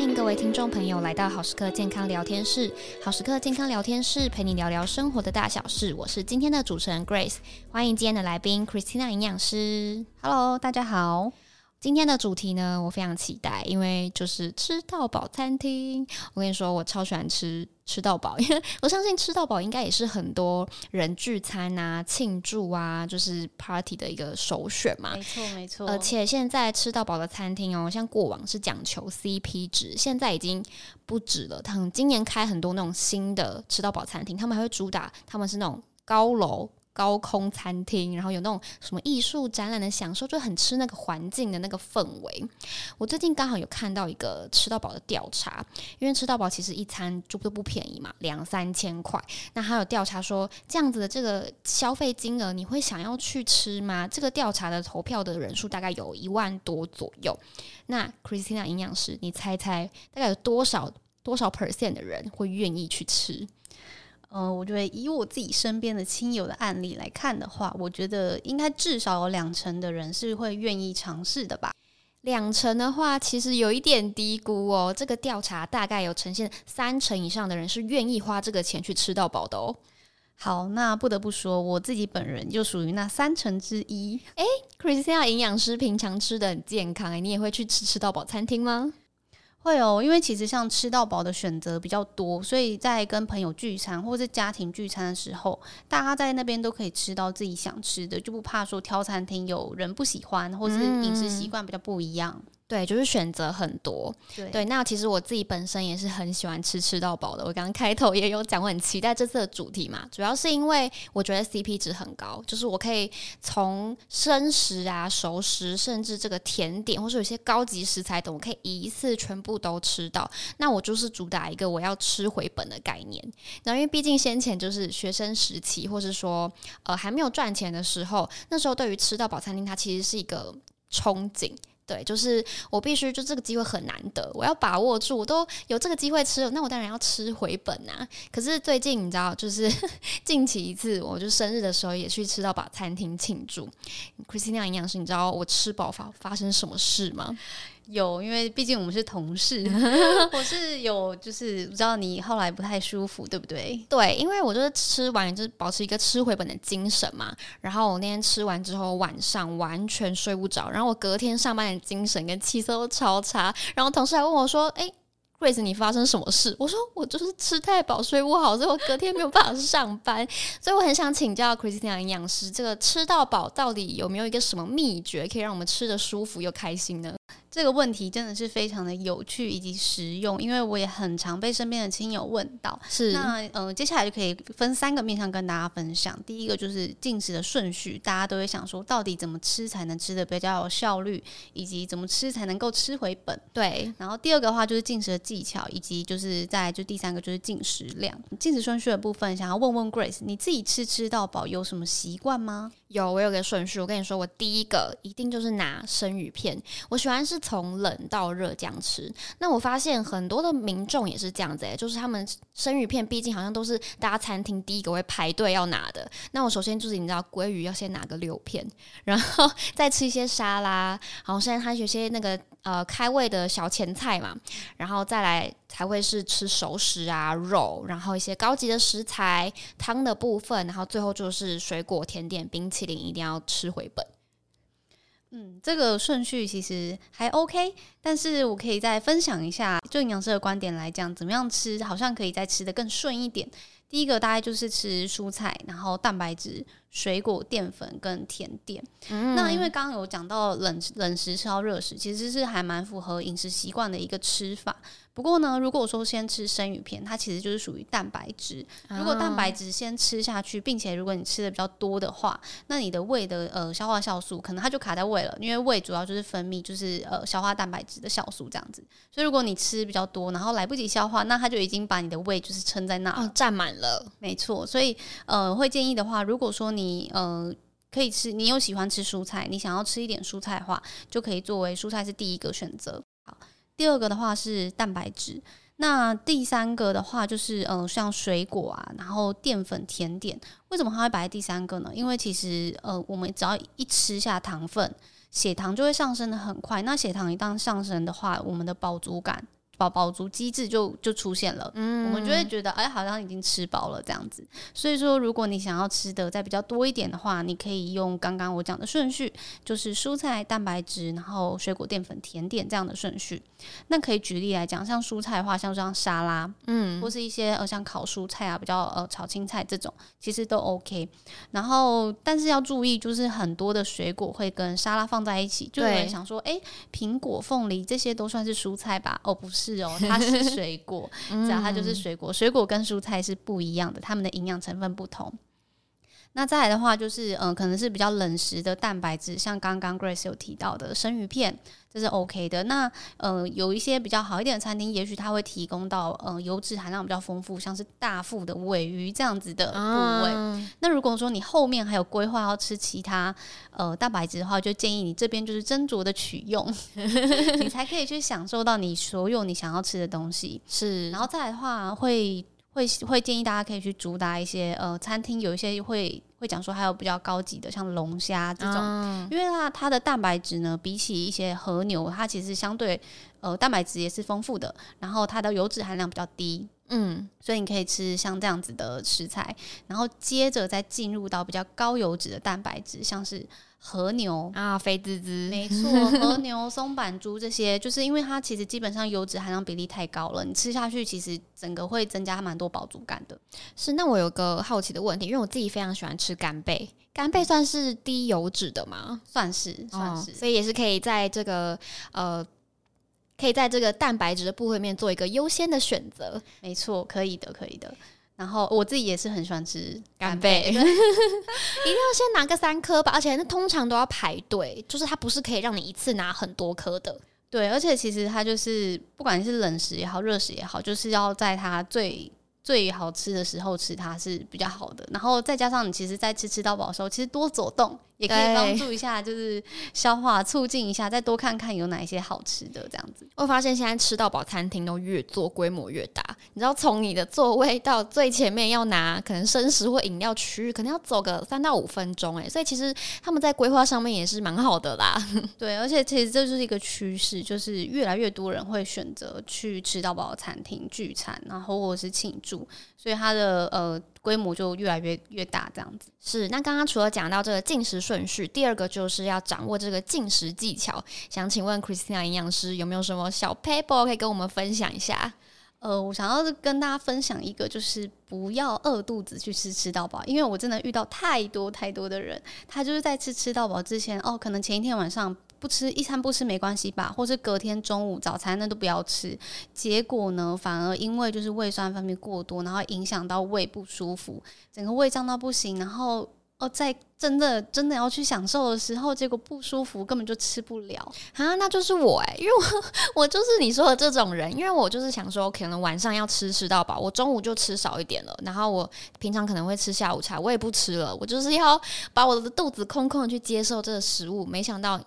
歡迎各位聽眾朋友來到好時刻健康聊天室。好時刻健康聊天室陪你聊聊生活的大小事，我是今天的主持人 Grace。歡迎今天的來賓 Christina 營養師。Hello，大家好。今天的主題呢，我非常期待，因為就是吃到飽餐廳。我跟你說，我超喜歡吃。吃到飽，因為我相信吃到飽應該也是很多人聚餐啊、慶祝啊，就是 party 的一個首選嘛。沒錯，沒錯。而且現在吃到飽的餐廳哦、喔，像過往是講求 CP 值，現在已經不止了。他們今年開很多那種新的吃到飽餐廳，他們還會主打，他們是那種高樓。高空餐廳，然後有那種什麼藝術展覽的享受，就很吃那個環境的那個氛圍。我最近剛好有看到一個吃到飽的調查，因為吃到飽其實一餐就不不便宜嘛，兩三千塊。那還有調查說這樣子的這個消費金額，你會想要去吃嗎？這個調查的投票的人數大概有一萬多左右。那 Christina 營養師，你猜猜大概有多少多少 percent 的人會願意去吃？嗯，我覺得以我自己身邊的親友的案例來看的話，我覺得應該至少有兩成的人是會願意嘗試的吧。兩成的話，其實有一點低估哦。這個調查大概有呈現三成以上的人是願意花這個錢去吃到飽的哦。好，那不得不說，我自己本人就屬於那三成之一。誒，Christina 營養師平常吃得很健康，誒，你也會去吃吃到飽餐廳嗎？會哦，因為其實像吃到飽的選擇比較多，所以在跟朋友聚餐或是家庭聚餐的時候，大家在那邊都可以吃到自己想吃的，就不怕說挑餐廳有人不喜歡，或是飲食習慣比較不一樣。嗯對，就是選擇很多。對，對，那其實我自己本身也是很喜歡吃吃到飽的。我剛剛開頭也有講，我很期待這次的主題嘛，主要是因為我覺得 CP 值很高，就是我可以從生食啊、熟食，甚至這個甜點，或是有些高級食材等，我可以一次全部都吃到。那我就是主打一個我要吃回本的概念。那因為畢竟先前就是學生時期，或是說呃還沒有賺錢的時候，那時候對於吃到飽餐廳，它其實是一個憧憬。對，就是我必須就這個機會很難得，我要把握住，我都有這個機會吃，那我當然要吃回本啊。可是最近你知道，就是呵呵近期一次，我就生日的時候也去吃到飽餐廳慶祝。Christina 營養師，你知道我吃飽發發生什麼事嗎？有，因為畢竟我們是同事， 我是有，就是不知道你後來不太舒服，對不對？對，因為我就是吃完就是保持一個吃回本的精神嘛。然後我那天吃完之後，晚上完全睡不着，然後我隔天上班的精神跟氣色都超差。然後同事還問我說：“誒、欸、Grace 你發生什麼事？”我說：“我就是吃太飽，睡不好，所以我隔天沒有辦法上班。” 所以我很想請教 Christina 營養師，這個吃到飽到底有沒有一個什麼秘訣，可以讓我們吃得舒服又開心呢？這個問題真的是非常的有趣以及實用，因為我也很常被身邊的親友問到。是，那嗯、呃，接下來就可以分三個面向跟大家分享。第一個就是進食的順序，大家都會想說，到底怎麼吃才能吃得比較有效率，以及怎麼吃才能夠吃回本。對。然後第二個的話就是進食的技巧，以及就是再就第三個就是進食量。進食順序的部分，想要問問 Grace，你自己吃吃到飽有什麼習慣嗎？有，我有個順序。我跟你說，我第一個一定就是拿生魚片。我喜歡是從冷到熱這樣吃。那我發現很多的民眾也是這樣子，欸，誒就是他們生魚片畢竟好像都是大家餐廳第一個會排隊要拿的。那我首先就是你知道鮭魚要先拿個六片，然後再吃一些沙拉，好像先吃一些那個呃開胃的小前菜嘛，然後再來。才會是吃熟食啊，肉，然後一些高級的食材，湯的部分，然後最後就是水果、甜點、冰淇淋，一定要吃回本。嗯，這個順序其實還 OK，但是我可以再分享一下，就營養師的觀點來講，怎麼樣吃好像可以再吃得更順一點。第一個大概就是吃蔬菜，然後蛋白質、水果、澱粉跟甜點。嗯嗯。那因為剛剛有講到冷冷食吃到熱食，其實是還蠻符合飲食習慣的一個吃法。不過呢，如果說先吃生魚片，它其實就是屬於蛋白質。哦、如果蛋白質先吃下去，並且如果你吃的比較多的話，那你的胃的呃消化酵素，可能它就卡在胃了，因為胃主要就是分泌就是呃消化蛋白質的酵素這樣子。所以如果你吃比較多，然後來不及消化，那它就已經把你的胃就是撐在那，佔滿了。哦、了沒錯，所以呃，會建議的話，如果說你呃可以吃，你有喜歡吃蔬菜，你想要吃一點蔬菜的話，就可以作為蔬菜是第一個選擇。第二個的話是蛋白質，那第三個的話就是呃像水果啊，然後澱粉甜點。為什麼它會擺在第三個呢？因為其實呃我們只要一吃下糖分，血糖就會上升的很快。那血糖一旦上升的話，我們的飽足感。飽飽足機制就就出現了，嗯嗯，我們就會覺得，哎、欸、好像已經吃飽了這樣子。所以說，如果你想要吃的再比較多一點的話，你可以用剛剛我講的順序，就是蔬菜、蛋白質，然後水果、澱粉、甜點這樣的順序。那可以舉例來講，像蔬菜的話，像這樣沙拉，嗯，或是一些呃，像烤蔬菜啊，比較，呃，炒青菜這種，其實都 OK。然後但是要注意，就是很多的水果會跟沙拉放在一起，就會想說，哎對，欸，蘋果、鳳梨這些都算是蔬菜吧？哦，不是。是哦，它是水果， 只要它就是水果。水果跟蔬菜是不一樣的，它們的營養成分不同。那再來的話就是，嗯、呃，可能是比較冷食的蛋白質，像剛剛 Grace 有提到的生魚片，這是 OK 的。那，嗯、呃，有一些比較好一點的餐廳，也許它會提供到，嗯、呃，油脂含量比較豐富，像是大腹的鮪魚這樣子的部位。嗯、那如果說你後面還有規劃要吃其他，呃，蛋白質的話，就建議你這邊就是斟酌的取用， 你才可以去享受到你所有你想要吃的東西。是，然後再來的話會。會會建議大家可以去主打一些呃餐廳，有一些會會講說，還有比較高級的，像龍蝦這種，嗯。因為它它的蛋白質呢，比起一些和牛，它其實相對呃蛋白質也是豐富的，然後它的油脂含量比較低。嗯，所以你可以吃像這樣子的食材，然後接着再進入到比較高油脂的蛋白質，像是和牛啊、肥滋滋，沒錯， 和牛、松板豬這些，就是因為它其實基本上油脂含量比例太高了，你吃下去其實整個會增加蠻多飽足感的。是，那我有個好奇的問題，因為我自己非常喜歡吃干貝，干貝算是低油脂的嗎？算是，算是，哦。所以也是可以在這個呃。可以在這個蛋白質的部分裡面，做一個優先的選擇。沒錯，可以的，可以的。然後我自己也是很喜歡吃乾貝，對 一定要先拿個三顆吧，而且那通常都要排隊，就是它不是可以讓你一次拿很多顆的。對，而且其實它就是，不管是冷食也好，熱食也好，就是要在它最最好吃的時候吃，它是比較好的。然後再加上你其實，在吃吃到飽的時候，其實多走動，也可以幫助一下，就是消化促進一下， 再多看看有哪一些好吃的這樣子。我發現現在吃到飽餐廳都越做規模越大，你知道從你的座位到最前面要拿可能生食或飲料區域，可能要走個三到五分鐘誒、欸。所以其實他們在規劃上面也是蠻好的啦。 對，而且其實這就是一個趨勢，就是越來越多人會選擇去吃到飽餐廳聚餐，然後或者是慶祝，所以他的呃。規模就越來越越大，這樣子是。那剛剛除了講到這個進食順序，第二個就是要掌握這個進食技巧。想請問 Christina 營養師有沒有什麼小撇步可以跟我們分享一下？呃，我想要跟大家分享一個，就是不要餓肚子去吃吃到飽，因為我真的遇到太多太多的人，他就是在吃吃到飽之前，哦，可能前一天晚上。不吃一餐不吃沒關係吧，或是隔天中午早餐那都不要吃。結果呢，反而因為就是胃酸分泌過多，然後影響到胃不舒服，整個胃脹到不行。然後哦，在真的真的要去享受的時候，結果不舒服，根本就吃不了。哈，那就是我哎、欸，因為我我就是你說的這種人，因為我就是想說，可能晚上要吃吃到飽，我中午就吃少一點了。然後我平常可能會吃下午茶，我也不吃了，我就是要把我的肚子空空去接受這個食物。沒想到。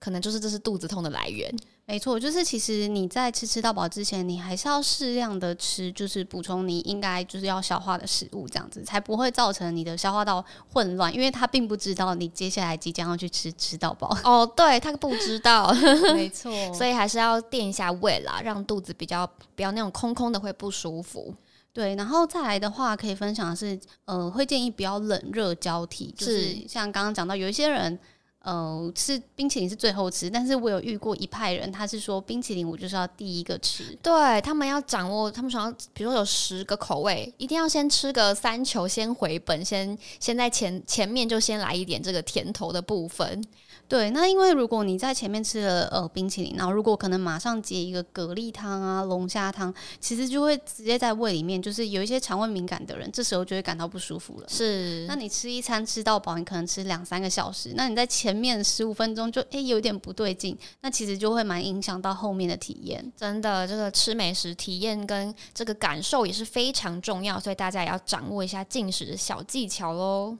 可能就是這是肚子痛的來源，嗯、沒錯，就是其實你在吃吃到飽之前，你還是要適量的吃，就是補充你應該就是要消化的食物，這樣子才不會造成你的消化道混亂，因為它並不知道你接下來即將要去吃吃到飽。哦，對，它不知道， 沒錯，所以還是要墊一下胃啦，讓肚子比較不要那種空空的會不舒服。對，然後再來的話，可以分享的是，嗯、呃，會建議比較冷熱交替，是，就是像剛剛講到有一些人。呃，是冰淇淋是最後吃，但是我有遇過一派人，他是說，冰淇淋我就是要第一個吃。對，對他們要掌握，他們想要比如說有十個口味，一定要先吃個三球，先回本，先先在前前面就先來一點這個甜頭的部分。對，那因為如果你在前面吃了呃冰淇淋，然後如果可能馬上接一個蛤蜊湯啊、龍蝦湯，其實就會直接在胃裡面，就是有一些腸胃敏感的人，這時候就會感到不舒服了。是，那你吃一餐吃到飽，你可能吃兩三個小時，那你在前面十五分鐘就誒、欸、有點不對勁，那其實就會蠻影響到後面的體驗。真的，這個吃美食體驗跟這個感受也是非常重要，所以大家也要掌握一下進食的小技巧嘍。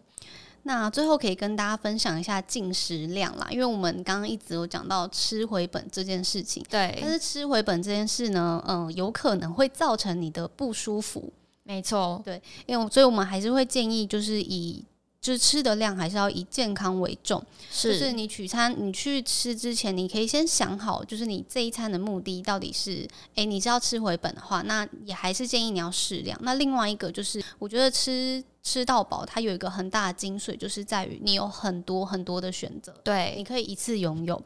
那最後可以跟大家分享一下進食量啦，因為我們剛剛一直有講到吃回本這件事情，對。但是吃回本這件事呢，嗯、呃，有可能會造成你的不舒服，沒錯，對。因為所以我們還是會建議就，就是以就吃的量還是要以健康為重，是。就是你取餐，你去吃之前，你可以先想好，就是你這一餐的目的到底是，哎、欸，你是要吃回本的話，那也還是建議你要適量。那另外一個就是，我覺得吃。吃到飽，它有一個很大的精髓，就是在於你有很多很多的選擇，對，你可以一次擁有。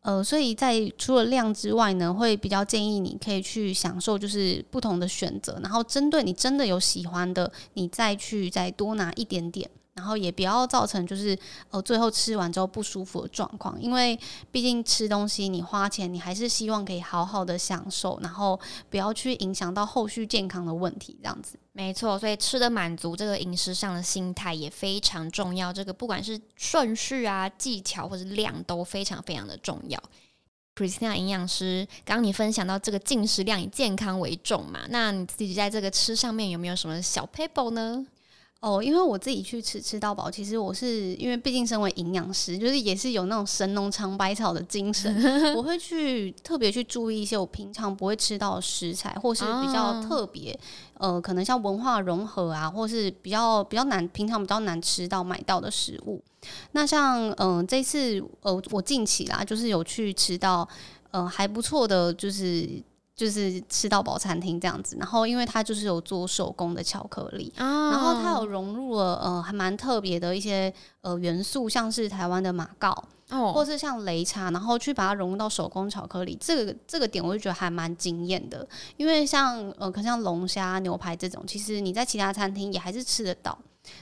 呃，所以在除了量之外呢，會比較建議你可以去享受，就是不同的選擇，然後針對你真的有喜歡的，你再去再多拿一點點。然後也不要造成就是哦，最後吃完之後不舒服的狀況，因為畢竟吃東西你花錢，你還是希望可以好好的享受，然後不要去影響到後續健康的問題。這樣子，沒錯。所以吃的滿足這個飲食上的心態也非常重要，這個不管是順序啊、技巧或是量都非常非常的重要。Christina 營養師，剛剛你分享到這個進食量以健康為重嘛？那你自己在這個吃上面有沒有什麼小撇步呢？哦，因為我自己去吃吃到飽，其實我是因為畢竟身為營養師，就是也是有那種神農嘗百草的精神， 我會去特別去注意一些我平常不會吃到的食材，或是比較特別，哦、呃，可能像文化融合啊，或是比較比較難平常比較難吃到買到的食物。那像嗯、呃，這次呃，我近期啦，就是有去吃到嗯、呃，還不錯的，就是。就是吃到飽餐廳這樣子，然後因為它就是有做手工的巧克力，哦，然後它有融入了呃，還蠻特別的一些呃元素，像是台灣的馬告，哦，或是像擂茶，然後去把它融入到手工巧克力這個這個點，我就覺得還蠻驚艷的。因為像呃可，像龍蝦牛排這種，其實你在其他餐廳也還是吃得到，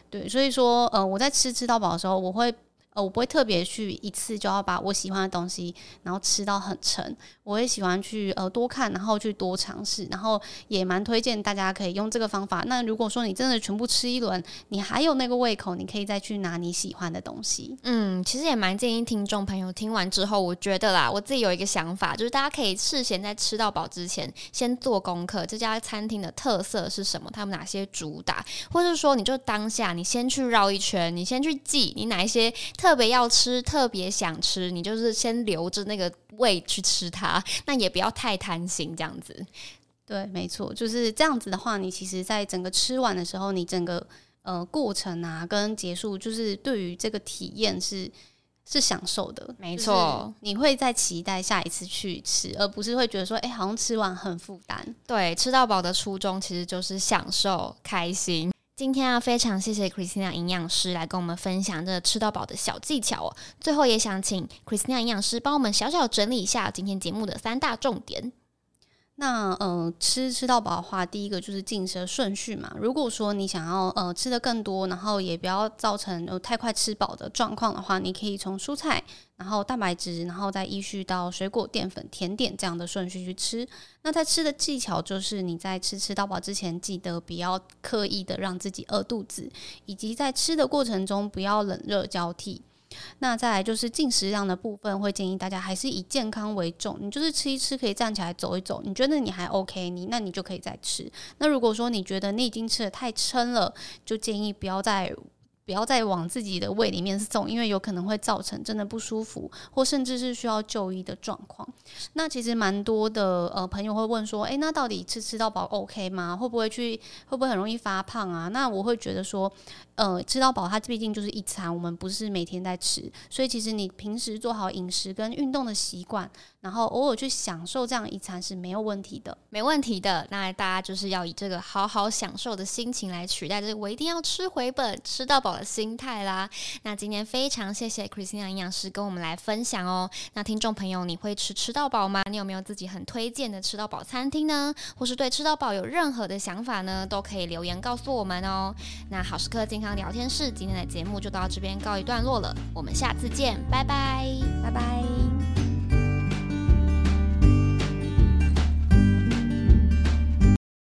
對，所以說呃我在吃吃到飽的時候，我會。呃，我不會特別去一次就要把我喜歡的東西，然後吃到很撐。我也喜歡去呃多看，然後去多嘗試，然後也蠻推薦大家可以用這個方法。那如果說你真的全部吃一輪，你還有那個胃口，你可以再去拿你喜歡的東西。嗯，其實也蠻建議聽眾朋友聽完之後，我覺得啦，我自己有一個想法，就是大家可以事先在吃到飽之前先做功課，這家餐廳的特色是什麼？他們哪些主打？或者說你就當下你先去繞一圈，你先去記你哪一些。特別要吃，特別想吃，你就是先留着那個胃去吃它，那也不要太貪心這樣子。對，沒錯，就是這樣子的話，你其實在整個吃完的時候，你整個呃過程啊跟結束，就是對於這個體驗是是享受的。沒錯，你會再期待下一次去吃，而不是會覺得說，哎、欸，好像吃完很負擔。對，吃到飽的初衷其實就是享受、開心。今天啊，非常謝謝 Christina 營養師來跟我們分享這吃到飽的小技巧哦、喔。最後也想請 Christina 營養師幫我們小小整理一下今天節目的三大重點。那呃，吃吃到飽的話，第一個就是進食的順序嘛。如果說你想要呃吃得更多，然後也不要造成，呃，太快吃飽的狀況的話，你可以從蔬菜，然後蛋白質，然後再依序到水果、澱粉、甜點這樣的順序去吃。那在吃的技巧就是你在吃吃到飽之前，記得不要刻意的讓自己餓肚子，以及在吃的過程中不要冷熱交替。那再來就是進食量的部分，會建議大家還是以健康為重。你就是吃一吃，可以站起來走一走，你覺得你還 OK，你那你就可以再吃。那如果說你覺得你已經吃得太撐了，就建議不要再。不要再往自己的胃裡面送，因為有可能會造成真的不舒服，或甚至是需要就醫的狀況。那其實蠻多的呃朋友會問說，誒、欸，那到底吃吃到飽 OK 嗎？會不會去會不會很容易發胖啊？那我會覺得說，呃，吃到飽它畢竟就是一餐，我們不是每天在吃，所以其實你平時做好飲食跟運動的習慣，然後偶爾去享受這樣一餐是沒有問題的，沒問題的。那大家就是要以這個好好享受的心情來取代這個、就是、我一定要吃回本吃到飽。心態啦，那今天非常謝謝 Christina 營養師跟我們來分享哦。那聽眾朋友，你會吃吃到飽嗎？你有沒有自己很推薦的吃到飽餐廳呢？或是對吃到飽有任何的想法呢？都可以留言告訴我們哦。那好時刻健康聊天室今天的節目就到這邊告一段落了，我們下次見，拜拜，拜拜。